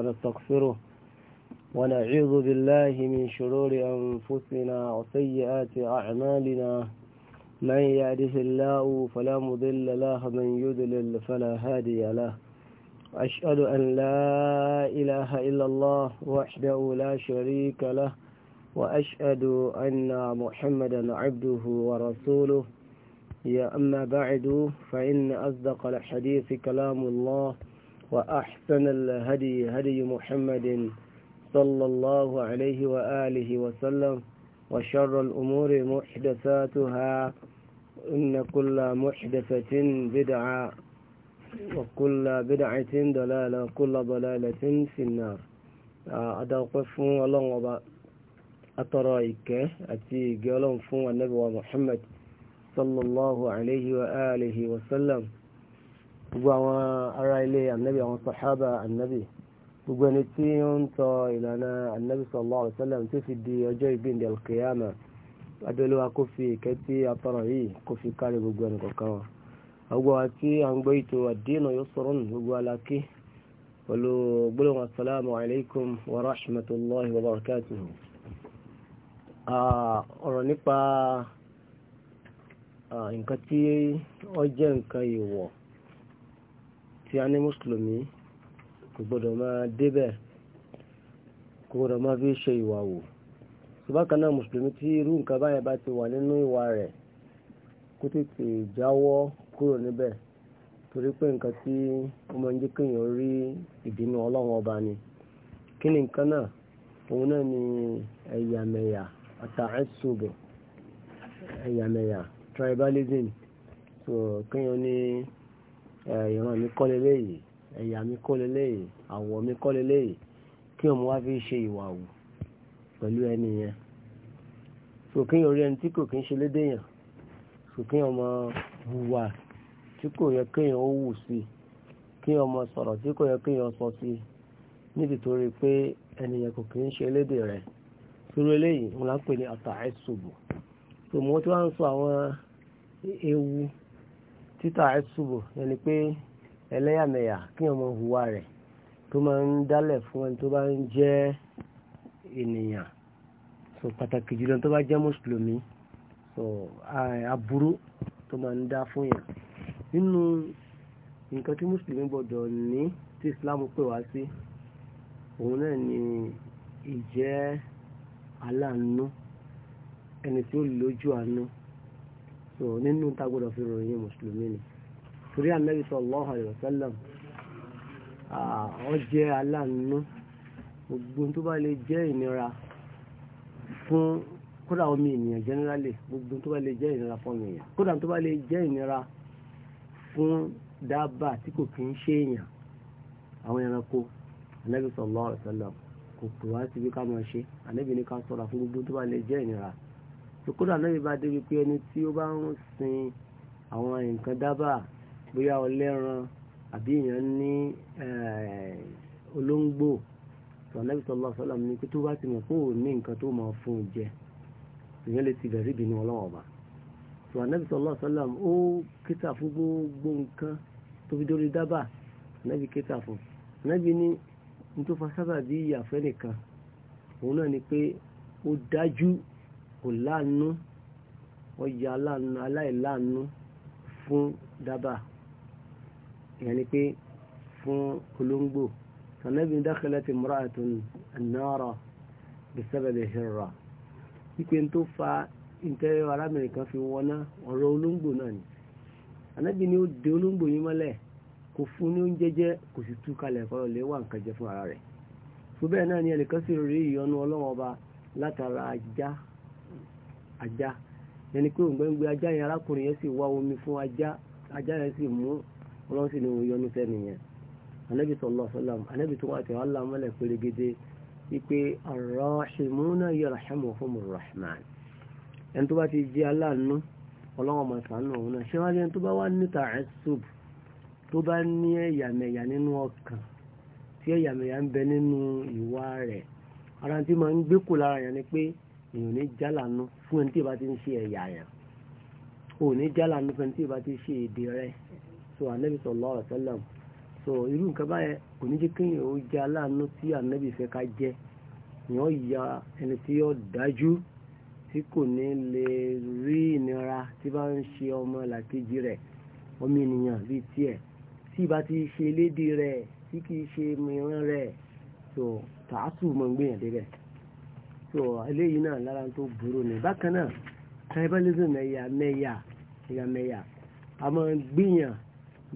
ونستغفره ونعوذ بالله من شرور أنفسنا وسيئات أعمالنا من يهده الله فلا مضل له من يضلل فلا هادي له أشهد أن لا إله إلا الله وحده لا شريك له وأشهد أن محمدا عبده ورسوله يا أما بعد فإن أصدق الحديث كلام الله وأحسن الهدي هدي محمد صلى الله عليه وآله وسلم وشر الأمور محدثاتها إن كل محدثة بدعة وكل بدعة ضلالة وكل ضلالة في النار أدوقف الله وضع أترايك أتي قولهم فو النبي محمد صلى الله عليه وآله وسلم gbogbo àwọn ará ilé anabi àwọn sahaba anabi gbogbo ẹni tí ó ń tọ ìlànà anabi sallallahu alaihi wasallam tó fi di ọjọ́ ìgbìndẹ̀ alkiyama adéolúwa kò fi ìkẹ́tí atọ́rọ̀ yìí kò fi kárí gbogbo ẹni kọ̀ọ̀kan wa gbogbo wa tí a ń gbé ètò àdínà yóò sọ̀rọ̀ nù gbogbo aláké pẹ̀lú gbólóhùn asalaamu alaykum wa rahmatulahi wa barakatuhu ọ̀rọ̀ nípa nǹkan tí ó jẹ́ nǹkan ìwọ̀ tí a ní mùsùlùmí kò gbọdọ̀ máa débẹ̀ kò gbọdọ̀ máa fi ṣe ìwà wò ṣùgbọ́n náà mùsùlùmí tí irú nǹkan báyẹn bá ti wà nínú ìwà rẹ̀ kó tètè jáwọ́ kúrò níbẹ̀ torí pé nǹkan tí ó ń jẹ́ rí ìbínú ọlọ́run ọba ni kí ni nǹkan náà òun náà ni ẹ̀yàmẹ̀yà ẹ̀yàmẹ̀yà tribalism Eh, ìran mi kọ́ leléyìí ẹ̀yà mi kọ́ leléyìí àwọ̀ mi kọ́ leléyìí kí ọmọ wa fi ṣe ìwà wù pẹ̀lú ẹni yẹn so kí orí ẹni tí kò kí ń ṣe lédè yàn so kí ọmọ hùwà tí kò yẹ kéèyàn ó wù sí kí ọmọ sọ̀rọ̀ tí kò yẹ kéèyàn sọ sí níbi tó rí i pé ẹni yẹn kò kí ń ṣe lédè rẹ̀ sórí eléyìí wọn là ń pè ní àtàẹ́sùbù so wá ń sọ àwọn ewu títà ẹ̀ṣùbù yẹni pé ẹlẹ́yàmẹ̀yà kí ọmọ hùwà rẹ̀ tó máa ń dálẹ̀ fún ẹni tó bá ń jẹ́ ènìyàn so pàtàkì jùlọ tó bá jẹ́ mùsùlùmí so aburú tó máa ń dá fún yàn nínú nǹkan tí mùsùlùmí gbọ́dọ̀ ní tí islam pè wá sí òun náà ni ìjẹ́ aláàánú ẹni tí ó lójú àánú so nínú tagbọ́dọ̀ fi ròyìn mùsùlùmí ni torí ànábì sallallahu alaihi wasallam ó jẹ́ aláàánú gbogbo tó bá lè jẹ́ ìnira fún kódà omi ènìyàn generally gbogbo tó bá lè jẹ́ ìnira fún omi ènìyàn kódà tó bá lè jẹ́ ìnira fún dábàá tí kò kí ń ṣe èèyàn àwọn ẹranko ànábì sallallahu alaihi wasallam kò pè wá síbi ká máa ṣe ànábì ní ká sọ̀rọ̀ fún gbogbo tó bá lè jẹ́ ìnira sòkòrò ànábì bá débi pé ẹni tí ó bá ń sin àwọn nǹkan dábàá bóyá ọlẹ́ran àbí èèyàn ní eh, olóńgbò sọ̀nẹ́bí sọ̀lá sọ́lá mi pé tó bá ti mọ̀ pé òun ní nǹkan tó máa fún un jẹ ìyẹn lè ti bẹ̀rẹ̀ ìbínú ọlọ́wọ́ ọba sọ̀nẹ́bí sọ̀lá sọ́lá ó kíta fún gbogbo nǹkan tó fi dórí dábàá sọ̀nẹ́bí kíta fún sọ̀nẹ́bí ní ní fa sábà bí ìyàfẹ́ nìkan òun náà ni pé ó dájú kò láàánú ọjà aláìláàánú fún dábà ìyẹn ni pé fún olóńgbò sànẹ́bí dákẹ́lẹ́ ti múra ètò náírà bisabẹ̀lẹ̀ hìrà wípé tó fa ìtẹ́rẹ́ arábìnrin kan fi wọná ọ̀rọ̀ olóńgbò náà ni sànẹ́bí ni ó de olóńgbò yín mọ́lẹ̀ kò fún ní oúnjẹ jẹ kò sì tú kalẹ̀ kọ́ lè wà nǹkan jẹ fún ara rẹ̀ tó bẹ́ẹ̀ náà ni ẹnìkan sì rí ìyọnu ọlọ́wọ́n ọba látara ajá ajá yẹn ni pé òǹgbẹ́ngbẹ́ ajá yẹn arákùnrin yẹn sì wá omi fún ajá ajá yẹn sì mú ọlọ́run sì ni òun yọnu sẹ́ni anabi sọlọ sọlọm anabi tó wà tẹ wà lámọ lẹ pérégede ipe arrahimuna yarhamuhumur rahman ẹni tó bá ti jẹ́ aláàánú ọlọ́run ọmọ sànù òun náà ẹni tó bá wà tó bá ní ẹ̀yàmẹ̀yà nínú ọkàn tí ẹ̀yàmẹ̀yà ń bẹ nínú ìwà rẹ̀ ara ya máa ń gbé èèyàn ní jálànú fún ẹni tí ìbá ti ń ṣe ẹ̀yà yẹn ò ní jálànú fún ẹni tí ìbá ti ṣe èdè rẹ so anabi sallallahu alaihi wasallam so irú nǹkan báyẹn kò ní jẹ́ kéèyàn ó jálànú tí anabi fẹ́ ká jẹ́ èèyàn ya ẹni tí yóò dájú tí kò ní lè rí ìnira tí bá ń ṣe ọmọ làkejì rẹ̀ ọmọ ènìyàn bíi tiẹ̀ tí ìbá ti ṣe lédi rẹ̀ tí kì ṣe mìíràn rẹ̀ so tààtù mọ̀ ń gbìyànjú rẹ̀ so eléyìí náà lára tó burú ni bákan náà tribalism ẹ̀yà mẹ́yà ẹ̀yà mẹ́yà a máa gbìyàn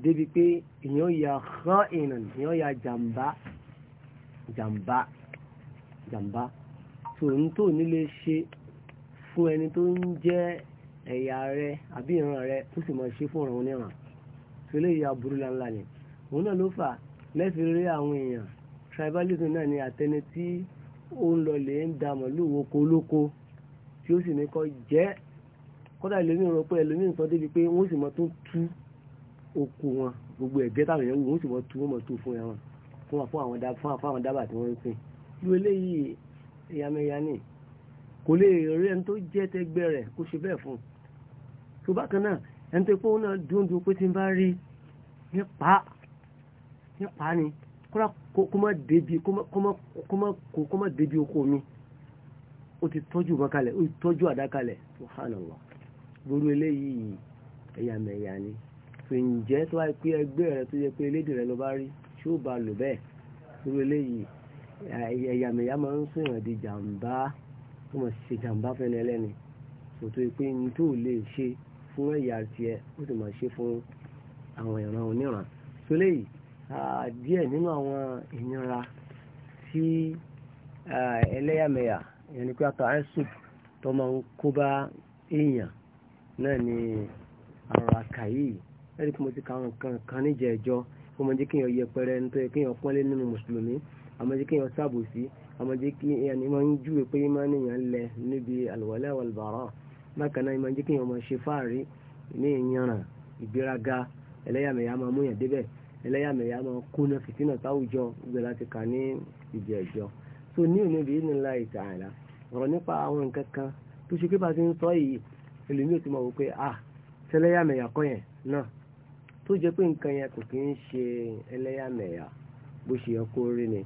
débi pé èèyàn ya xọ́ ìrìn èèyàn ya jàmbá jàmbá jàmbá so n tó nílé ṣe fún ẹni tó ń jẹ́ ẹ̀yà rẹ àbí ìran rẹ ó sì máa ṣe fún ọ̀ràn oníran so eléyìí aburú ńláńlá ni òun náà ló fà lẹ́sìn rí àwọn èèyàn tribalism náà ni àtẹni tí ó ń lọlẹ̀ ń da màlúù oko olóko tí ó sì ní kọ́ jẹ́ kódà ẹlòmíì rọ pé ẹlòmíì sọ débi pé wọ́n sì mọ tó tú oko wọn gbogbo ẹ̀gbẹ́ táwọn èèyàn wù wọ́n sì mọ tú wọ́n mọ tó fún ẹran fún àfọ àwọn dábà fún àwọn dábà tí wọ́n ń pín irú eléyìí ìyàmẹ̀yà ni kò lè rí ẹni tó jẹ́ tẹ́gbẹ́ rẹ̀ kó ṣe bẹ́ẹ̀ fún un tó bákan náà ẹni tó pé òun náà dúndùn pé tí ń bá rí nípa nípa ni kúrò kó debi débi kó má débi oko mi ó ti tọ́jú mọ́kalẹ̀ ó ti tọ́jú àdákalẹ̀ subhanallah gbogbo eléyìí ẹ̀yà mẹ̀yà ni tó ń jẹ́ tó wáyé pé ẹgbẹ́ rẹ tó yẹ pé elédè rẹ ló bá rí tí ó bá lò bẹ́ẹ̀ gbogbo eléyìí ẹ̀yà mẹ̀yà máa ń sún ìrìnàdì jàǹbá tó mọ̀ ṣe jàǹbá fẹ́ni ẹlẹ́ni tó tó ní tó lè ṣe fún ẹ̀yà tiẹ̀ ó sì máa ṣe fún àwọn ìran oníran tó léyìí díẹ̀ nínú àwọn ìnira tí ẹlẹ́yàmẹ̀yà ìyẹn ni pé àtọ̀ àìsùn tó máa ń kó bá èèyàn náà ni àrùn àkàyè ẹ̀rí kí mo ti ka àwọn nǹkan kan níjẹ̀ ẹ̀jọ́ kó mo jẹ́ kéèyàn yẹpẹrẹ ní tó yẹ kéèyàn pọ́nlé nínú mùsùlùmí àmọ́ jẹ́ kéèyàn ṣàbòsí àmọ́ jẹ́ kí èèyàn ní máa ń júwe pé máa nìyàn lẹ níbi àlùwalẹ̀ àwàlùbàrà bákan náà máa jẹ́ kéèyàn máa ṣe fáàrí ní ìyanràn ìgbéraga ẹlẹ́yàmẹ̀yà máa mú débẹ̀ ẹlẹ́yàmẹ̀yà máa kóná fìtínà táwùjọ gbogbo láti kà ní ìjẹ́ ìjọ so ní òní bíi nílá ìta àìlá ọ̀rọ̀ nípa àwọn nǹkan kan tó ṣe pé bá ti ń sọ yìí ẹlòmíì ti mọ̀ wò pé ah ṣẹlẹ́yàmẹ̀yà kọ́ yẹn náà tó jẹ́ pé nǹkan yẹn kò kí ń ṣe ẹlẹ́yàmẹ̀yà bó ṣe yẹ kó rí ni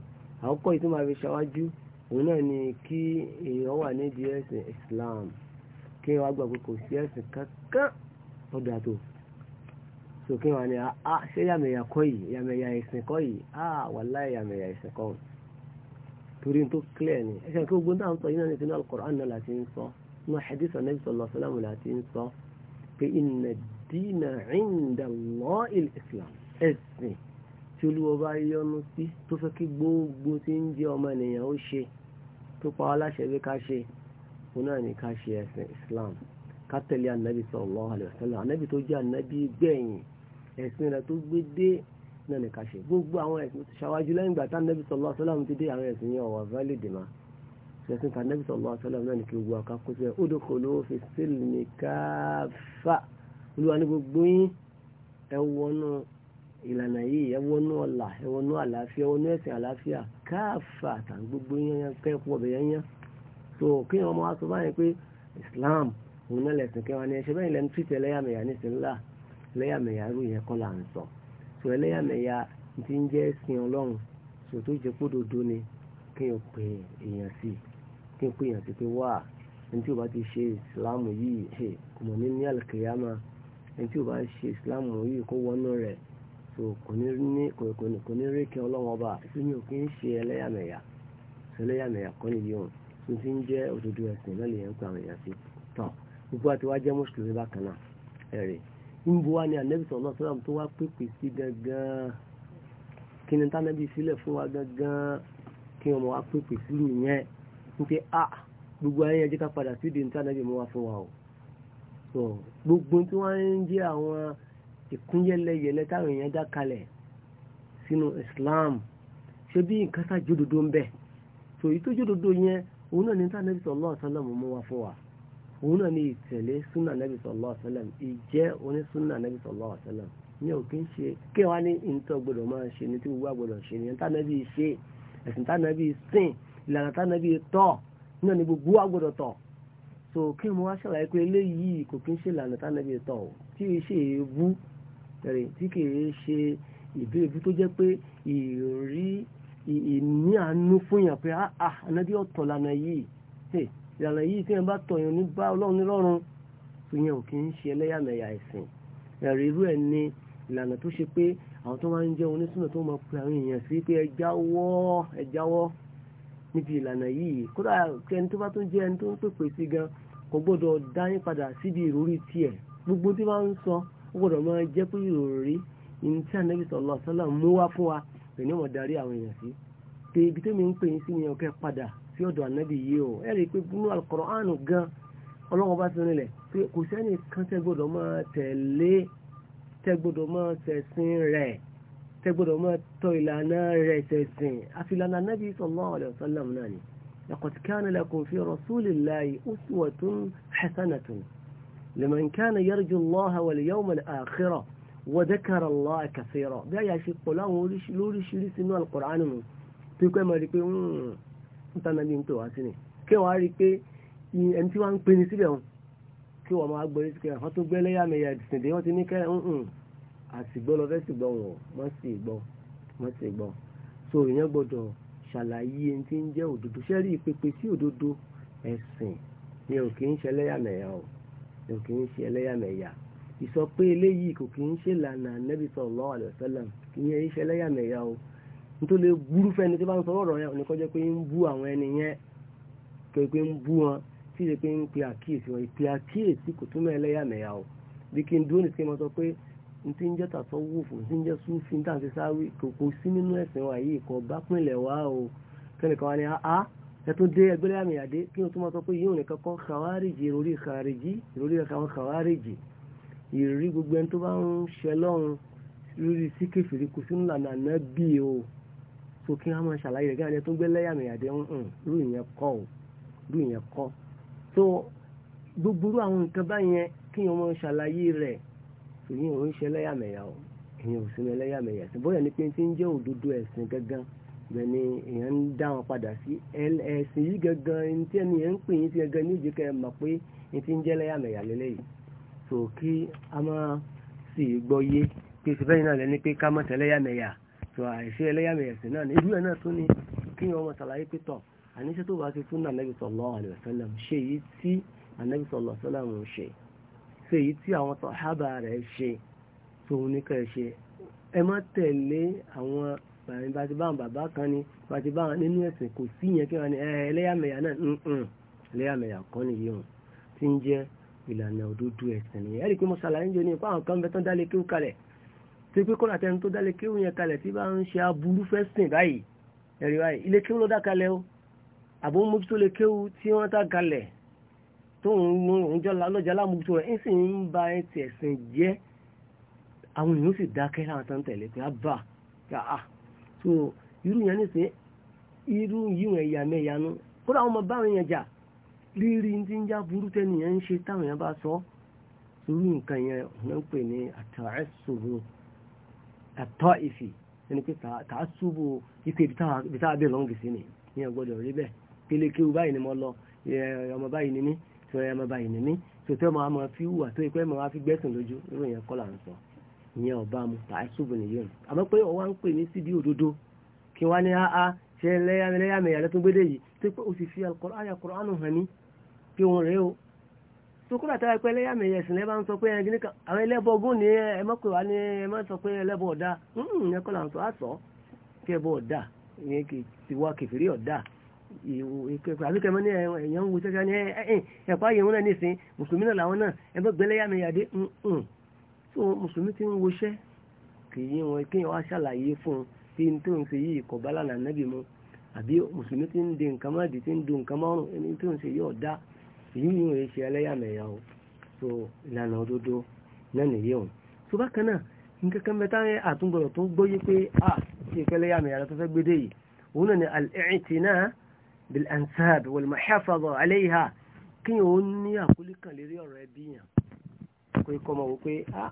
àkọ́kọ́ yìí tó máa fi ṣáwájú òun náà ni kí èèyàn wà nídìí ẹ̀sìn Islam kí wàá gbà pé kò sí ẹ̀sìn kankan ọ̀dọ̀ àtòf sókè wọn ni a ah, ah, ṣé yàmẹ̀yà kọ́ yìí yàmẹ̀yà ẹ̀sìn kọ́ yìí a ah, wàláhì yàmẹ̀yà ẹ̀sìn kọ́ torí tó kílẹ̀ ni ẹ̀sìn kí ogun táwọn sọ yìí náà ní sinú al-Qur'an náà láti ń sọ inú hadith Ànábì sallallahu alaihi wasallam láti ń sọ pé inna ad-dina 'inda Allahi al-Islam ẹ̀sìn tí olúwa bá yọ́nú sí tó fẹ́ kí gbogbo tí ń jẹ́ ọmọ ènìyàn ó ṣe tó pa aláṣẹ bí ká ṣe òun náà ní ká ṣe ẹ̀sìn Islam ká tẹ̀lé anabi sallallahu alaihi wasallam anabi tó jẹ́ anabi gbẹ̀yìn ẹ̀sìn rẹ̀ tó gbé dé náà nìkan ṣe gbogbo àwọn ẹ̀sìn ṣáwájú lẹ́yìn ìgbà tá nẹ́bí sọ̀lọ́ sọ́lọ́mù ti dé àwọn ẹ̀sìn yẹn ọ̀wà válídì ma ṣẹ̀sìn tá nẹ́bí sọ̀lọ́ sọ́lọ́mù náà ní kí gbogbo àká kó sílẹ̀ odò kò ló fi sílùmí káfà olúwa ní gbogbo yín ẹ wọnú ìlànà yìí ẹ wọnú ọ̀là ẹ wọnú àlàáfíà ẹ wọnú ẹ̀sìn àlàáfíà káfà tà gbogbo yẹn kẹ́kọ̀ọ́ bẹ̀ yẹn yẹn so kí wọn máa sọ báyìí pé Islam òun náà lẹ̀sìn kẹwàá ni ẹ ṣe bẹ́ẹ̀ lẹ́nu tìtẹ̀lẹ́yàmẹ̀yà nísìnyí láà leya irú yẹn kọ́ là ń sọ so ẹlẹ́yàmẹ̀yà ti ń jẹ́ sin ọlọ́run so tó jẹ́ pódodo ni kí n pè èèyàn sí kí n pè èèyàn sí pé wá ẹni tí o bá ti ṣe ìsìláàmù yìí ṣe kò mọ̀ ní ní àlùkìyàmà so kò ní ní kò ọlọ́run ọba tí mi ò kí ń ṣe ẹlẹ́yàmẹ̀yà ẹlẹ́yàmẹ̀yà kọ́ nìyí ti ń jẹ́ òdodo ẹ̀sìn lọ́lẹ̀ yẹn ń àwọn èèyàn sí tán níbo wá ní ànẹ́bí sọ̀rọ̀ sọ́dọ̀ tó wá pèpè sí gangan kí ni tánẹ́bí sílẹ̀ fún wa gangan kí wọ́n wá pèpè sílù yẹn wípé a ah, gbogbo ayé yẹn jẹ́ ká padà sí ìdènì tánẹ́bí mú wa fún wa o so gbogbo tí wọ́n ń jẹ́ àwọn ìkúnyẹlẹyẹlẹ táwọn èèyàn dá kalẹ̀ sínú Islam ṣé bí nǹkan sáà jódodo ń bẹ so ìtójódodo yẹn òun náà ní tánẹ́bí sọ̀rọ̀ sọ́dọ̀ mú wa fún wa òun náà ni ìtẹ̀lé súnà nàbì sallallahu alaihi wasallam ìjẹ́ oní súnà nàbì sallallahu alaihi wasallam ní òkè ń ṣe kí wọ́n á ní ìtọ́ gbọ́dọ̀ máa ṣe ní tí gbogbo àgbọ̀dọ̀ ṣe ní tánàbí ṣe ẹ̀sìn tánàbí sìn ìlànà tánàbí tọ̀ náà ni gbogbo àgbọ̀dọ̀ tọ̀ so kí mo wá ṣàlàyé pé eléyìí kò kí ń ṣe ìlànà tánàbí tọ̀ tí kì í ṣe èébú tẹ̀rẹ̀ tí kì í ṣe ìbéèbú tó jẹ́ pé ìrí ìní àánú fún yàn pé ah ah anadi ọ̀tọ̀ lànà yìí ìlànà yìí tí wọ́n bá tọ̀yàn ní bá ọlọ́run nílọ́run tó yẹn ò kì í ṣe ẹlẹ́yàmẹ̀yà ẹ̀sìn ẹ̀rí irú ẹ̀ ní ìlànà tó ṣe pé àwọn tó máa ń jẹ́ onísùnà tó máa pe àwọn èèyàn sí pé ẹjáwọ́ ẹjáwọ́ níbi ìlànà yìí kódà ẹni tó bá tún jẹ́ ẹni tó ń pèpè sí gan kò gbọ́dọ̀ dá yín padà síbi ìròrí tiẹ̀ gbogbo tí wọ́n ń sọ ó gbọ́dọ̀ máa jẹ́ pé ìròrí ní tí ànábì sọ̀lọ́ sọ́lá mú wá fún wa pẹ̀lú ọmọ darí àwọn èèyàn sí pé ibi tó mi ń pè yín sí ni ọkẹ́ padà sí ọ̀dọ̀ ànábì yìí o ẹ̀rí pé nínú alukọ̀rọ̀ánù gan ọlọ́run bá fi rinlẹ̀ pé kò sẹ́ni kan tẹ́ gbọ́dọ̀ máa tẹ̀lé tẹ́ gbọ́dọ̀ máa tẹ̀sìn rẹ̀ tẹ́ gbọ́dọ̀ máa tọ ìlànà rẹ̀ tẹ̀sìn àfi ìlànà ànábì sallallahu alaihi wasallam náà ni laqad kana lakum fi rasulillahi uswatun hasanatun liman kana yarju Allaha wal yawmal akhira wa dhakara Allaha kathira bí a yà ṣe pọ̀ láwọn lóríṣiríṣi inú alukọ̀rọ̀ánù nù pípẹ́ mọ̀ rí pé hmm, nítaná bí ń pè wá sí ni kí wọ́n á rí i pé ẹni tí wọ́n ń pè ní síbẹ̀ wọn kí wọ́n máa gbọ́ sí kẹrin wọ́n tó gbẹ́ lẹ́yàmẹ̀yà ìsìndé wọ́n ti ní kẹrin ńhùn àsìgbọ́ lọ fẹ́ sì wọn wọ́n sì gbọ́ wọ́n sì gbọ́ so ìyẹn gbọ́dọ̀ ṣàlàyé ẹni tí ń jẹ́ òdodo sẹ́rí ìpèpè sí òdodo ẹ̀sìn ni ò kì í ṣe ẹlẹ́yàmẹ̀yà o ni ò kì í ṣe ẹlẹ́yàmẹ̀yà ìsọ pé eléyìí kò kì í ṣe lànà nẹ́bí sallallahu alaihi wasallam ìyẹn ìṣẹlẹ́yàmẹ̀yà o nítorí lè burú fẹ́ni tí bá ń sọ ọ̀rọ̀ yẹn òní kọjá pé ń bú àwọn ẹni yẹn pé pé ń bú wọn tí ìṣe pé ń pe àkíyèsí wọn ìpè àkíyèsí kò túmọ̀ ẹlẹ́yàmẹ̀yà o bí kí n dúró ní sẹ́yìn mọ́ sọ pé n ti ń jẹ́ tàṣọ wòfò n ti ń jẹ́ súnfì n tàǹtí sáwí kò kò sí nínú ẹ̀sìn wa yìí kò bá pínlẹ̀ wá o kẹ́nìkan wa ni a ẹ tó dé ẹgbẹ́ lẹ́yàmẹ̀yà dé kí n tó mọ́ sọ pé yíò nìkan kọ́ kàwárìjì ìròrí kàwárìjì ìròrí àwọn kàwárìjì ìrírí gbogbo ẹni tó bá ń ṣẹlọ́run lórí so kí wọ́n máa ṣàlàyé rẹ̀ kí wọ́n lè tó gbé lẹ́yàmẹ̀yàdé ń mm, mm, rú ìyẹn kọ́ ò rú ìyẹn kọ́ so gbogbo àwọn nǹkan báyẹn kí wọ́n máa ṣàlàyé rẹ̀ ìyẹn ò ń ṣe lẹ́yàmẹ̀yà o ìyẹn ò sí ní lẹ́yàmẹ̀yà sí bóyá ní pé tí ń jẹ́ òdodo ẹ̀sìn gangan bẹ́ẹ̀ ni èèyàn ń dá wọn padà sí ẹ̀sìn yìí gangan ní tí ẹni yẹn ń pè yín sí gangan ní ìjẹ́kẹ́ ẹ mọ̀ pé tí ń jẹ́ lẹ́yàmẹ̀yà lélẹ́yìí so kí a máa sì gbọ́ yé pé ìfẹ́ yìí náà lẹ́ni pé ká má tẹ̀lẹ́yàmẹ̀yà tó àìsí ẹlẹ́yàmẹ̀yà sí náà irú ẹ̀ náà tún ni kí wọ́n mọ̀ sàlàyé pé àníṣe tó bá ti fún nànẹ́bí sallallahu alaihi wasallam ṣe èyí tí ànẹ́bí sallallahu alaihi wasallam ń ṣe ṣe èyí tí àwọn sàhábà rẹ̀ ṣe tóun ní ká ẹ ṣe ẹ má tẹ̀lé àwọn bàtí báwọn bàbá kan ni bàtí báwọn nínú ẹ̀sìn kò sí yẹn kí wọ́n ní ẹlẹ́yàmẹ̀yà náà ẹlẹ́yàmẹ̀yà kọ́ nìyí hàn tí ń jẹ́ ìlànà òdodo ẹ̀sìn nìyẹn ẹ̀rí pé mo ṣàlàyé jẹ́ ní ipá àwọn kan bẹ tán dálé kí ó kalẹ̀ tó pé kọ́nà àtẹni tó dálé kéwù yẹn kalẹ̀ tí bá ń ṣe aburú fẹ́ sìn báyìí ẹ̀rí báyìí ilé kéwù ló dá kalẹ̀ o àbò mójútó lè kéwù tí wọ́n dá kalẹ̀ tó ń jọ lọ́jà lámójútó rẹ̀ ń sì ń ba ẹ̀sìn ẹ̀sìn jẹ́ àwọn èèyàn sì dákẹ́ láwọn tó ń tẹ̀lé pé á bà ká à so irú yẹn nìsín irú yíwọ̀n ẹ̀yà mẹ́yanu kódà àwọn ọmọ báwọn yẹn jà rírí ti ń já burú tẹ́nìyàn ń ṣe táwọn yẹn bá sọ irú nǹkan yẹn wọ́n pè ní àtàrẹ́sòro àtọ́ ìfì ẹni pé tàá ṣubú ipò ibi táwa bẹ̀ lọ́ngì sí ni ní ọgbọ́dọ̀ rí bẹ́ẹ̀ pélékè wù báyìí ni mo lọ ọmọ báyìí ni mí tí ọyọ ọmọ báyìí ni mí tí òtẹ́ ọmọ àmọ́ fi wà tó ipẹ́ máa fi gbẹ́sùn lójú irú yẹn kọ́ là ń sọ ìyẹn ọba mu tàá ṣubú nìyẹn àmọ́ pé ọwọ́ ń pè ní síbi òdodo kí wọ́n á ní áá ṣe lẹ́yàmẹ̀yà lẹ́tún gbédè yìí pé ó sì fi àyà Kùránì hàn ní pé òun rèé o sukúrò àtàwọn ẹgbẹ́ ya ẹ̀sìn lẹ́bàá ń sọ pé ẹni kan àwọn ẹlẹ́bọ ogún ni a má pè wá ní ẹ má sọ pé ẹlẹ́bọ ọ̀dà hmm, ẹ kọ́ là ń sọ àsọ kí ẹbọ ọ̀dà ìyẹn kì í ti wá kẹfìrí ọ̀dà àbí kẹmọ ní ẹ̀yàn ń wo sẹ́sẹ́ hmm, hmm. so musulmi ti fún n tó ń ṣe mu abi musulmi ti èyí ni òye ṣe ẹlẹ́yàmẹ̀yà o so ìlànà òdodo náà nìyí òun so bákan náà nǹkan kan mẹ́ta yẹn àtúngbọ̀rọ̀ tó gbóyé pé a ṣe ẹlẹ́yàmẹ̀yà tó fẹ́ gbédè yìí òun náà ni al-i'tina bil-ansab wal-muhafaza alayha kí yẹn ó ní àkólé kan lérí ọ̀rọ̀ ẹbí yàn kó ikọ́ mọ̀ wò pé a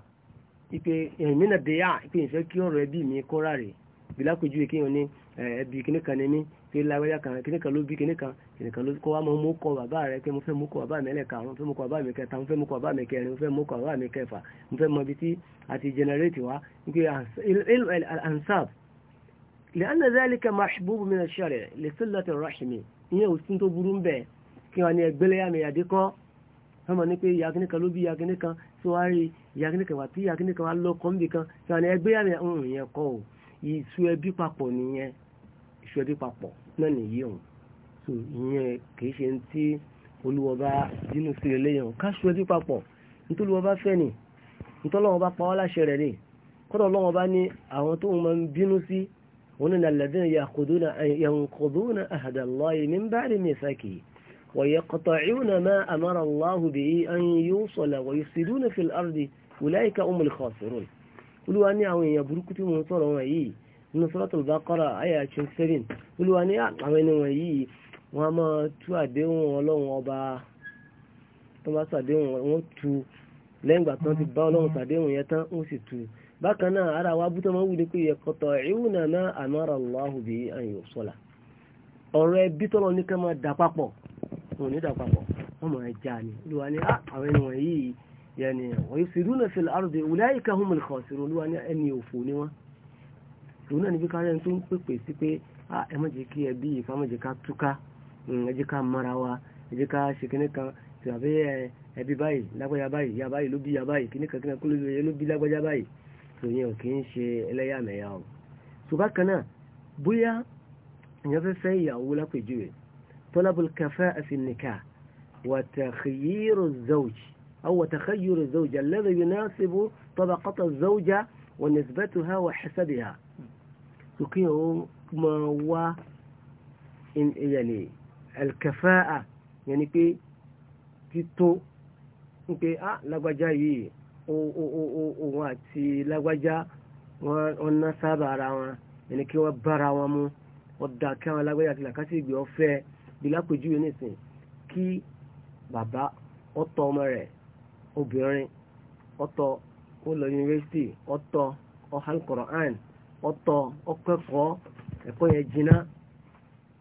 ìpè ẹ̀mí náà dé yà ìpè ìfẹ́ kí ọ̀rọ̀ ẹbí mi kó rèé bí lápèjúwe kéèyàn ní ẹbí kíní kan ní mí kí lágbájá kan kíní kan ló bí kíní kan kíní kan ló kọ́ wá mọ́ mú kọ́ bàbá rẹ pé mo fẹ́ mú kọ́ bàbá mi ẹlẹ́ka mo fẹ́ mú kọ́ bàbá mi kẹta mo fẹ́ mú kọ́ bàbá mi kẹrin mo fẹ́ mú kọ́ bàbá mi kẹfà mo fẹ́ mọ ibi tí a ti generate wá nígbè ansab لأن ذلك محبوب من الشرع لصلة الرحم ìyẹn ò sí tó burú ń bẹ̀ kí wọ́n ní ẹgbẹ́lẹ́ àmì ìyàdí kọ́ wọ́n mọ̀ ní pé ìyá kìnnìkan ló bí ìyá kìnnìkan tí wọ́n á rí ìyá kìnnìkan wà tí ìyá kìnnìkan wà lọ́kọ́ níbi kan wọ́n ní ẹgbẹ́ àmì ìyẹn kọ́ ò ìṣú ẹbí papọ̀ nìyẹn ìṣú ẹbí papọ̀ náà nìyí òun so ìyẹn kìí ṣe ti olúwọba dínú sí eléyìí òun ẹbí papọ̀ nítorí fẹ́ ni nítorí pa ọ́ láṣẹ rẹ̀ ni kọ́dọ̀ lọ́wọ́ bá àwọn tó ń máa bínú sí òun ní alladhina yanquduna ahda Allahi min ba'di mithaqihi ويقطعون ما أمر الله به أن يوصل ويفسدون في الأرض أولئك هم الخاسرون olúwa ní àwọn èèyàn burúkú tí mo ń sọ̀rọ̀ wọn yìí nínú Suratul Baqara àyà twenty seven olúwa ní àwọn ẹni wọn yìí wọn a máa tú àdéhùn ọlọ́run ọba tó bá sàdéhùn wọn tú lẹ́yìn ìgbà tán ti bá ọlọ́run sàdéhùn yẹn tán wọ́n sì tú bákan náà ara wa bú tó máa wù ní pé yẹkọtọ̀ ìwù nàná amara Allahu bi an yusala ọ̀rọ̀ ẹbí tọ́lọ ní ká máa dà papọ̀ yẹni wọ́n yóò fìdúnà fìlà àrùdè wùláyì ká hùmùlì kan sí olúwa ní ẹni òfò ni wọ́n òun náà níbi káyọ̀ tó ń pèpè sí pé ẹ má jẹ́ kí ẹbí yìí ká má jẹ́ ká túká ẹ jẹ́ ká mara wa ẹ jẹ́ ká ṣe kíní kan tàbí ẹbí báyìí lágbájá báyìí ìyá báyìí ló bí ìyá kíní kan kíní kan ló bí lágbájá báyìí tó yẹn أو تخير الزوجة الذي يناسب طبقة الزوجة ونسبتها وحسبها يقيم ما هو يعني الكفاءة يعني كي تتو كي آه لغوجا يي أو أو أو أو واتي لغوجا wọn sábà ara wọn ẹni kí wọ́n bára wọn mú ọ̀dà kí wọn lágbẹ́yà ti làkásí ìgbé ọ̀fẹ́ bí lápèjúwe nìsín kí obìnrin ọ̀tọ̀ ó lọ yunifásitì ọ̀tọ̀ ọ̀hán kọ̀rọ̀án ọ̀tọ̀ ọ̀kẹ́kọ̀ọ́ ẹ̀kọ́ yẹn jiná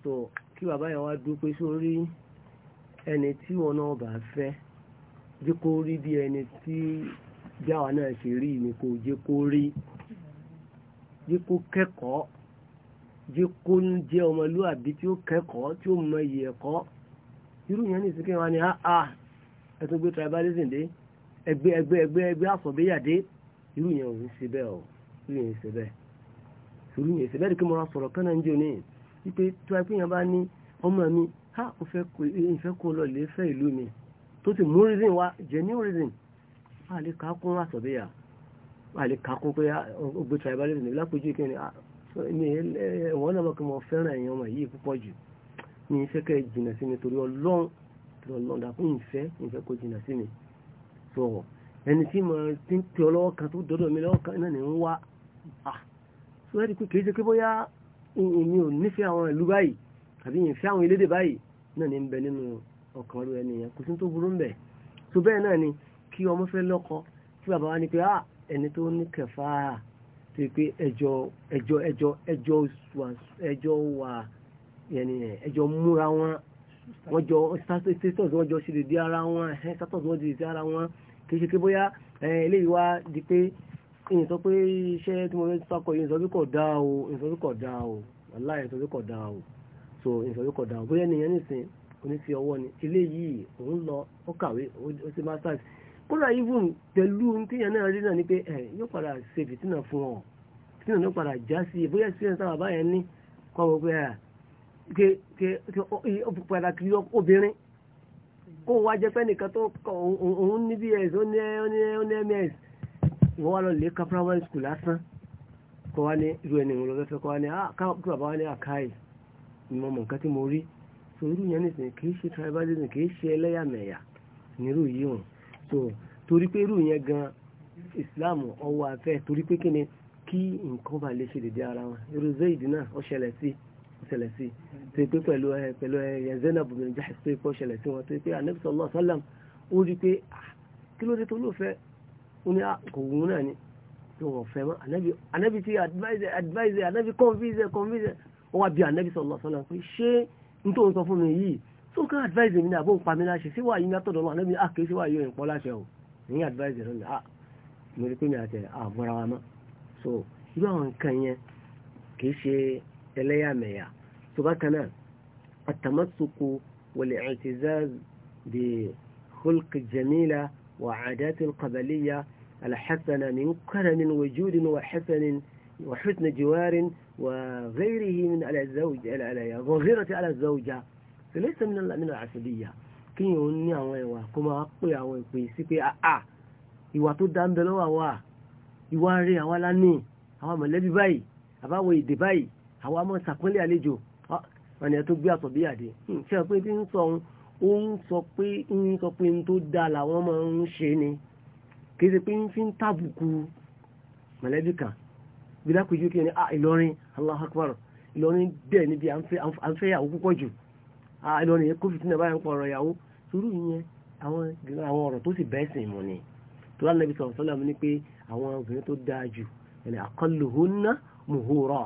tó kí bàbá yẹn wá dúpẹ́ sórí ẹni tí wọn náà bá fẹ́ jẹ́ kó rí bí ẹni tí jáwa náà ṣe rí ni kò jẹ́ kó rí jẹ́ kó kẹ́kọ̀ọ́ jẹ́ kó ń jẹ́ ọmọlúwàbí tí ó kẹ́kọ̀ọ́ tí ó mọ iyì ẹ̀kọ́ irú yẹn ní ìsìnkú wa ni a ẹ̀sùn gbé tribalism dé ẹgbẹ́ ẹgbẹ́ ẹgbẹ́ ẹgbẹ́ àsọ̀bẹ́yàdé irú yẹn ò ń ṣe bẹ́ẹ̀ o irú yẹn ń ṣe bẹ́ẹ̀ irú yẹn ń ṣe bẹ́ẹ̀ ni kí mo ra sọ̀rọ̀ kánà ń jò ní wípé tó a pé yẹn bá ní ọmọ mi ha ò fẹ́ kó lọ lè fẹ́ ìlú mi tó ti mú reason wa genuine reason a lè kà á kún àsọ̀bẹ́yà a lè kà kún pé ó gbé tribalism lápèjú kí ni ẹ̀wọ̀n náà kí mo fẹ́ràn ẹ̀yàn ọmọ yìí púpọ̀ jù ní ìfẹ́ kẹ́ jìnnà sí mi torí ọlọ́run ọlọ́run dàkún ìfẹ́ ìfẹ́ kó jìnnà sí mi sọ̀rọ̀ ẹni tí mo ti ń pè ọ lọ́wọ́ kan tó dọ́dọ̀ mi lọ́wọ́ kan ní ń wá so ẹ́ rí i pé kì í ṣe pé bóyá èmi ò nífẹ̀ẹ́ àwọn ìlú báyìí àbí ìfẹ́ àwọn elédè báyìí náà ní ń bẹ nínú ọkàn ọ̀rọ̀ ẹni yẹn kò sí tó burú ń bẹ̀ so bẹ́ẹ̀ náà ni kí ọmọ fẹ́ lọ́kọ tí bàbá wa ní pé ah ẹni tó ní kẹfà tó yẹ pé ẹjọ́ ẹjọ́ ẹjọ́ ẹjọ́ ẹjọ́ wà yẹn ẹjọ́ múra wọn wọ́n jọ status wọ́n jọ ṣe lè ara wọn status wọ́n di ara wọn kì í ṣe pé bóyá eléyìí wá di pé ìyìn sọ pé iṣẹ́ tí mo fẹ́ sọ́kọ̀ yìí ìsọ̀bí kọ̀ dáa o ìsọ̀bí kọ̀ dáa o aláì ìsọ̀bí kọ̀ dáa o so ìsọ̀bí kọ̀ dáa o bóyá ènìyàn nìsín oníṣẹ́ ọwọ́ ni eléyìí òun lọ ó kàwé ó ti masters kódà even pẹ̀lú tíyẹn náà rí náà ni pé ẹ yóò padà ṣe fìtínà fún ọ fìtínà ló padà já sí i bóyá experience táwọn àbáyẹn ní kọ́ ọ pé ẹ pé pé kó wá jẹ́ pé nìkan tó òun ní bs ó ní ms wọ́n wá lọ lè ka primary school lásán kọ́ wá ní irú ẹni ìrìn lọ́fẹ́ kọ́ wá ní ah, ní àkáì ni mo nǹkan tí mo rí so irú yẹn nìsín kì ṣe tribalism kì ṣe ẹlẹ́yàmẹ̀yà nírú yìí hàn so torí pé irú yẹn gan Islam ọwọ́ afẹ́ torí pé kí ni kí nǹkan bá lè ṣe dédé ara wọn irú náà ó ṣẹlẹ̀ sí i ṣẹlẹ̀ sí tó pé pẹ̀lú ẹ eh, pẹ̀lú ẹ eh, yẹn Zainab bin Jahsh tó pọ̀ ṣẹlẹ̀ sí wọn tó pé Ànábì sallallahu alaihi wasallam ó rí pé ah, kí ló dé tó ló fẹ́ ó ní ah, kò wù náà ni tó wọ́n fẹ́ mọ́ Ànábì ti advise advise Ànábì convince convince ó wá bí Ànábì sallallahu alaihi wasallam pé ṣé n tó ń sọ fún mi yìí tó ká advise mi ní àbó ń pa mi láṣẹ síwá yìí ní àtọ̀dọ̀ Ànábì ní àkè síwá yìí ò ń pọ̀ so irú àwọn nǹkan ẹlẹ́yàmẹ̀yà tó bá kan náà àtàmásùkù wọlé ẹ̀tìzáz bí hulki jamila wà àdáti kàbàlíyà alhassana min karamin wa judin wa hassanin wa husna jiwarin wa ghairihi min gọ̀gírati alazauja tẹlẹsẹ min alamin al'asabiyya kí yíò ní àwọn ìwà kó máa pè àwọn ìpè sí pé àà ìwà tó dá ń bẹ lọ́wọ́ àwa ìwà rí àwa lá ní mọ̀lẹ́bí báyìí àbáwọ̀ èdè báyìí àwa máa ṣàpọ́nlé àlejò ah, wọn ni ẹ tó gbé àsọ̀bíyàdé hmm, ṣé ẹ pé tí ń sọ ó ń sọ pé ń sọ pé ń tó dáa làwọn máa ń ṣe ni kì í ṣe pé ń fi ń tàbùkù mọ̀lẹ́bí kan gbẹdákùjú kí ni ah Ìlọrin Allahu Akbar Ìlọrin dẹ̀ níbi à ń fẹ́ yàwó púpọ̀ jù ah Ìlọrin yẹn covid náà báyìí ń pọ̀rọ̀ yàwó sùúrù yẹn àwọn ọ̀rọ̀ tó sì bẹ́ẹ̀ sìn mọ́ ni tó lánàá ibi sọ̀rọ̀ sọ́lá mi ni pé àwọn obìnrin tó dáa jù ẹni aqalluhunna muhura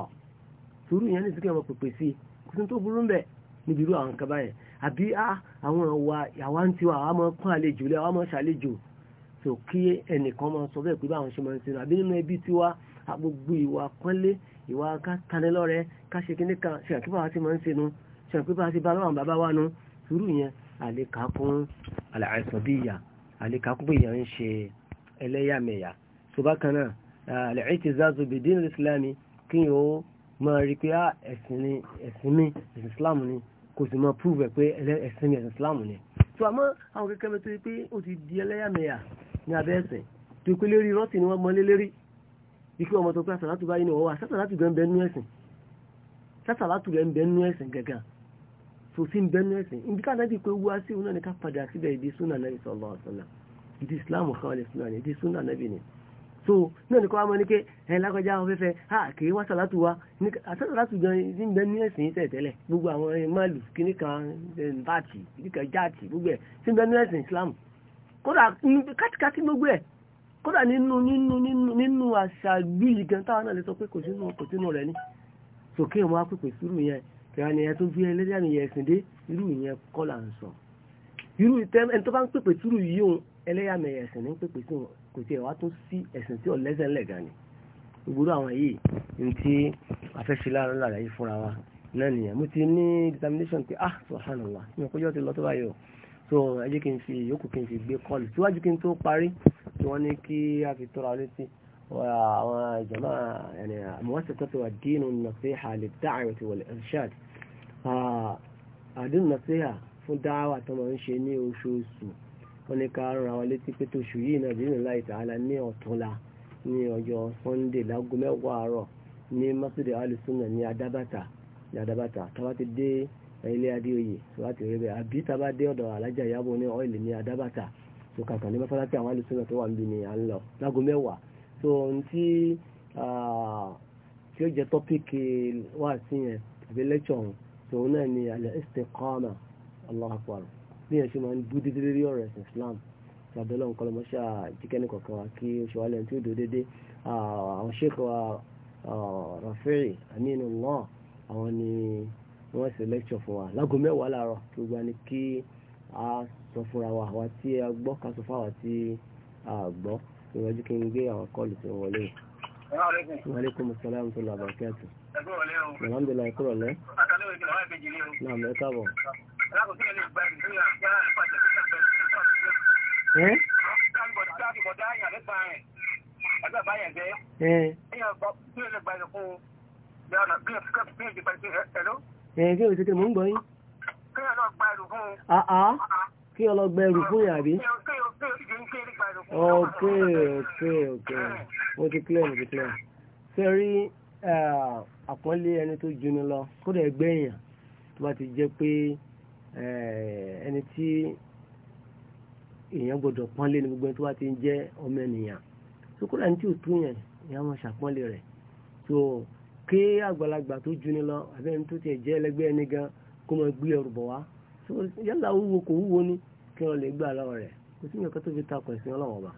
sùúrù yẹn ní síkẹ́ ọmọ pèpè sí kò sí tó burú ń bẹ̀ níbi irú àwọn kaba yẹn àbí àwọn àwa àwa ń tiwa àwa máa pọ́n àlejò lé àwa máa ṣàlejò tó kí ẹnìkan máa sọ bẹ́ẹ̀ pé báwọn ṣe máa ń sinú àbí nínú ẹbí tiwa gbogbo ìwà pọ́nlé ìwà ká tanilọ́rẹ́ kíní kan ṣe àkíbà wa ti máa ń sinú ṣe àkíbà wa ti bá láwọn bàbá wa nu sùúrù yẹn àlekà kún àìsàn bí ìyà àlekà kún bí ìyà ń ṣe ẹlẹ́yàmẹ̀yà tó bákan náà àlẹ́ ìtìzázu bìdín ìsìlámì kí yóò máa rí pé ah, ẹ̀sìn ni ẹ̀sìn mi ẹ̀sìn Islam ni kò sì máa prove ẹ̀ pé ẹ̀sìn mi ẹ̀sìn Islam ni. tó àmọ́ àwọn kẹ́kẹ́ mi tó yẹ pé ó ti di ẹlẹ́yàmẹ̀yà ní abẹ́ ẹ̀sìn tó pé lérí rọ́ọ̀tì ni wọ́n mọ lé lérí ikú ọmọ tó pé àsàlátù báyìí ni wọ́n wà sàsàlátù gan bẹ́ẹ̀ nú ẹ̀sìn sàsàlátù gan bẹ́ẹ̀ nú ẹ̀sìn gẹ̀gàn so sí bẹ́ẹ̀ nú ẹ̀sìn ibi ká nàbí pé wúwa sí òun náà ni ká padà síbẹ̀ ìdí súnà so náà ní kọ́ àmọ́ ní pé ẹ̀ lákọjá àwọn fẹ́fẹ́ à kì í wá sàlátù wa sàlátù gan ní bẹ́ẹ̀ ní ẹ̀sìn tẹ̀tẹ̀lẹ̀ gbogbo àwọn máàlù kìíní kan eh, báàtì kìíní kan jáàtì gbogbo ẹ̀ sí bẹ́ẹ̀ ní ẹ̀sìn Islam kódà kátikáti gbogbo ẹ̀ kódà nínú nínú nínú nínú àṣà gbìyì gan táwọn náà lè sọ pé kò sínú kò sínú rẹ̀ ni. sòkè wọn á pèpè sírù yẹn kìlá ni ẹ tó bí ẹlẹ́dẹ́ àmì yẹn ẹ̀sìn dé irú yẹn kọ́ là ń sọ irú ẹni tó bá ń pèpè sírù yìí òun ẹlẹ́yàmẹ̀yẹ̀sìn ní pèpè sí kò tiẹ̀ wá tó sí ẹ̀sìn tí ọ̀lẹ́sẹ̀ ńlẹ̀ gan ni gbogbo àwọn yìí ní tí afẹ́ṣe lára lára yìí fúnra wa náà nìyẹn mo ti ní determination pé ah subhanallah mi ò ti lọ tó báyìí o so ẹ jẹ́ kí n fi yòókù kí n fi gbé kọ́ọ̀lù síwájú kí n tó parí tí wọ́n ní kí a fi tọ́ra létí àwọn ìjọba ẹni muwassatatu ad-din an-nasiha lid-da'wati wal-irshad àdínù nasiha fún dáhàwà tó máa ń ṣe ní oṣooṣù wọ́n ní ká rán àwọn létí pé tóṣù yìí náà bí nílá ìtàhálà ní ọ̀túnla ní ọjọ́ sunday láago mẹ́wàá àárọ̀ ní masjidi alusuna ní adabata ní adabata tábà ti dé ilé adéoyè tábà ti rí bẹ́ẹ̀ àbí tábà dé ọ̀dọ̀ alájà ìyàbọ̀ ní ọ́ìlì ní adabata tó kàkà ní mọ́sálásí àwọn alusuna tó wà níbi ní à ń lọ láago mẹ́wàá tó ohun tí tí ó jẹ́ tọ́píkì wá sí yẹn àbí lẹ́kṣọ̀ ọ̀hún náà ni al-istiqama Allahu akbar bí ẹ̀ ṣe máa ń bú dídí lórí ọ̀rọ̀ ẹ̀sìn Islam lábẹ́ lọ́n kọ́ lọ́mọ́ ṣáà jíkẹ́ni kọ̀ọ̀kan wa kí oṣù wa lẹ́yìn tí ó dò déédéé àwọn ṣèkọ̀ wa Rafi'i Aminullah àwọn ni wọ́n ṣe lẹ́kṣọ̀ fún wa láago mẹ́wàá láàárọ̀ tó gba ni kí a sọ fúnra wa àwa tí a gbọ́ ká sọ fáwa tí a gbọ́ ìrọ̀jú kí n gbé àwọn kọ́ọ̀lù tó wọlé. wọlé o. Alhamdulillah ẹ̀kọ́ wọlé. Ẹ̀yìn hmm? hmm. eh, kí o tètè mú ń gbọ́ yín? Ah, ah. Kí o lọ gba ẹrù fún un? Àá kí o lọ gba ẹrù fún ìyàbí? Okay, okay, okay. Mo ti clear, mo ti clear. Ṣé rí eh, àpọ́nlé ẹni tó juni lọ kódà ẹgbẹ́ èèyàn tó bá ti jẹ́ pé Eh, ẹni tí èèyàn gbọdọ̀ pọ́nlé ní gbogbo ẹni tó bá ti ń jẹ́ ọmọ ènìyàn tó kúrò ẹni tí ò tó yẹn èèyàn máa ṣàpọ́nlé rẹ̀ tó ké àgbàlagbà tó juni lọ àbí ẹni tó tiẹ̀ jẹ́ ẹlẹgbẹ́ ẹni gan kó máa gbé ẹrù bọ̀ wá yálà wúwo kò wúwo ni kí wọ́n lè gbà lọ́wọ́ rẹ̀ kò sí nǹkan tó fi takò ẹ̀sìn ọlọ́wọ́ bá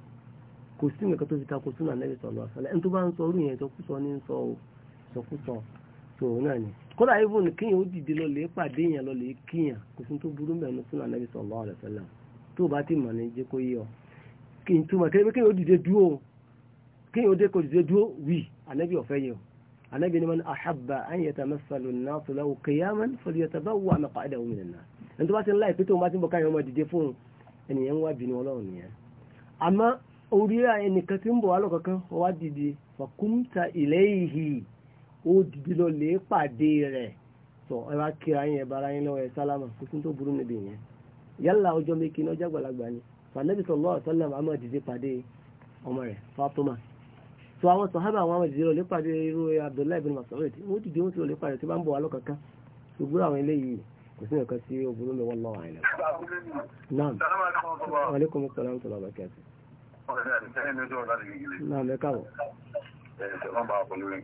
kò sí nǹkan tó fi takò súnà nẹ́bí sọ̀rọ̀ ẹni tó bá ń sọ yẹn ìsọkúsọ ń sọ ò kódà even kíyàn ó dìde lọ lè pàdé yẹn lọ lè kíyàn kò sí tó burú mẹ́rin fún ànábì sallallahu alaihi wasallam tó bá ti mọ̀ ní jẹ́ kó yé ọ kí n túmọ̀ kí kíyàn ó dìde dúró kíyàn ó dé kó dìde dúró wì ànábì ọ̀fẹ́ yẹn o ànábì ni man ahabba an yatamathala an-nasu lahu qiyaman falyatabawwa' maq'adahu minan nar ẹni tó bá ti ń láì pé tó ń bá ti ń bọ̀ káyọ̀ ọmọ dìde fún ẹnìyẹn ń wá bínú ó dìbí lọ lè pàdé rẹ̀ tọ̀ ẹ bá kíra yín ẹ bára yín lọ́wọ́ ẹ sálámà kò sí tó burú níbi yẹn yálà ọjọ́ méjì ní ọjọ́ àgbàlagbà ni fànẹ́bí sallallahu alaihi wasallam àmọ́ dìde pàdé ọmọ rẹ̀ Fatima tó àwọn sọ̀hábà àwọn àmọ́ dìde lọ lè pàdé irú Abdullahi bin Mas'ud wọ́n dìde wọ́n ti lọ lè pàdé tó bá ń bọ̀ wá lọ́kọ̀ọ̀kan ṣùgbọ́n àwọn eléyìí kò sí nǹkan tí obìnrin ẹ̀ẹ́dẹ̀ẹ́dẹ̀ bá wà pẹ̀lú rẹ̀.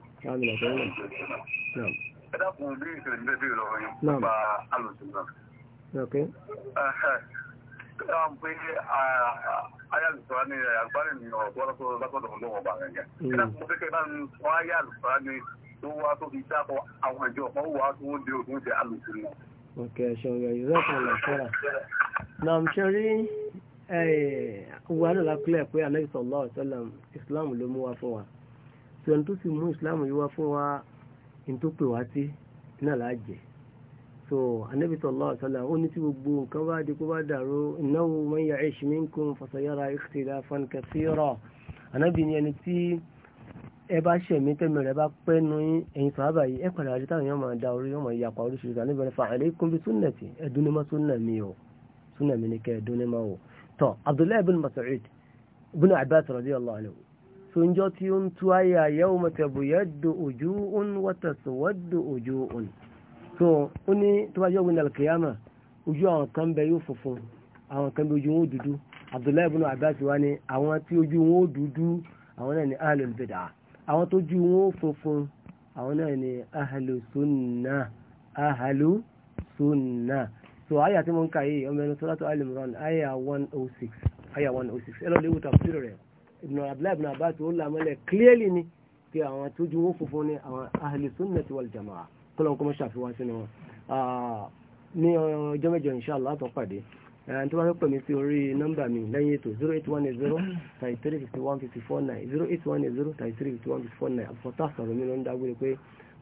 ẹ dákun bí ìṣẹ̀lẹ̀ bẹ́ẹ̀ bí ìrọ̀rùn yìí nípa alùsùn náà. ẹ̀ẹ́dẹ̀ pé ayálùsọ̀rọ̀ ni àgbáyé mi ọ̀gbọ́n lọ́sọ̀rọ̀ lọ́wọ́ bàrẹ̀ yẹn. ẹ dákun pé kẹ́ bá ń sọ ayálùsọ̀rọ̀ ni tó wá tó fi dákọ̀ àwọn di òkú jẹ alùsùn náà. òkè ẹ̀ṣọ́ yọ ìrẹ́pọ̀ lọ́sọ̀rọ̀ náà ṣe rí wàhálà islam ló mú wa fún wa sọ ẹni tó sì mú ìsìláàmù yìí wá fún wa ní tó pè wá sí náà láàjẹ so anabi sallallahu alaihi wasallam ó ní tí gbogbo nǹkan bá di kó bá dàrú innahu man ya'ish minkum fasayara ikhtilafan kathira anabi ni ẹni tí ẹ bá ṣẹ̀mí tẹ́mi rẹ̀ bá pẹ́ nu ẹ̀yin sàábà yìí ẹ padà rí táwọn yóò máa da orí yóò máa yapa oríṣiríṣi anabi ni fa'alaykum bi sunnati ẹ̀dún ní ma súnà mi o súnà mi ni kẹ́ ẹ̀dún ní ma abdullahi bin mas'ud bin abbas radiyallahu anhu sunjọ́ tí ó ń tú ayé àyẹ̀wò mọ̀tẹ̀bùyẹ́dò ojú òun wọ́tẹ̀sọ̀wọ́dò ojú òun so ó ní tó bá jẹ́ ògùn alkiyama ojú àwọn kan bẹ yóò funfun àwọn kan bẹ ojú wọn ó dúdú Abdullahi ibn Abbas wa ni àwọn tí ojú wọn ó dúdú àwọn náà ni ahlul bid'a àwọn tó ju wọn ó funfun àwọn náà ni ahlu sunna ahlu sunna so àyà tí mo ń kà yìí ọmọ ẹni Suratu Al Imran àyà 106 àyà 106 ẹ lọ léwu tàbí rẹ̀ ibùnà abdullahi ibùnà abbas ó là mọ́lẹ̀ clearly ni pé àwọn tó ju wọn funfun ni àwọn ahli sunnati wal jamaa kọ́lọ́n kọ́mọ́ ṣàfihàn sínú wọn ní ọjọ́ mẹ́jọ inshallah tó pàdé ẹ̀yàn tó bá fẹ́ pè mí sí orí nọ́mbà mi lẹ́yìn ètò 08100335154 08100335154 àfọ́tà sọ̀rọ̀ mi ló ń dágbére pé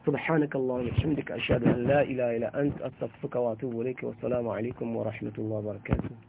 سبحانك اللهم وبحمدك أشهد أن لا إله إلا أنت أستغفرك وأتوب إليك والسلام عليكم ورحمة الله وبركاته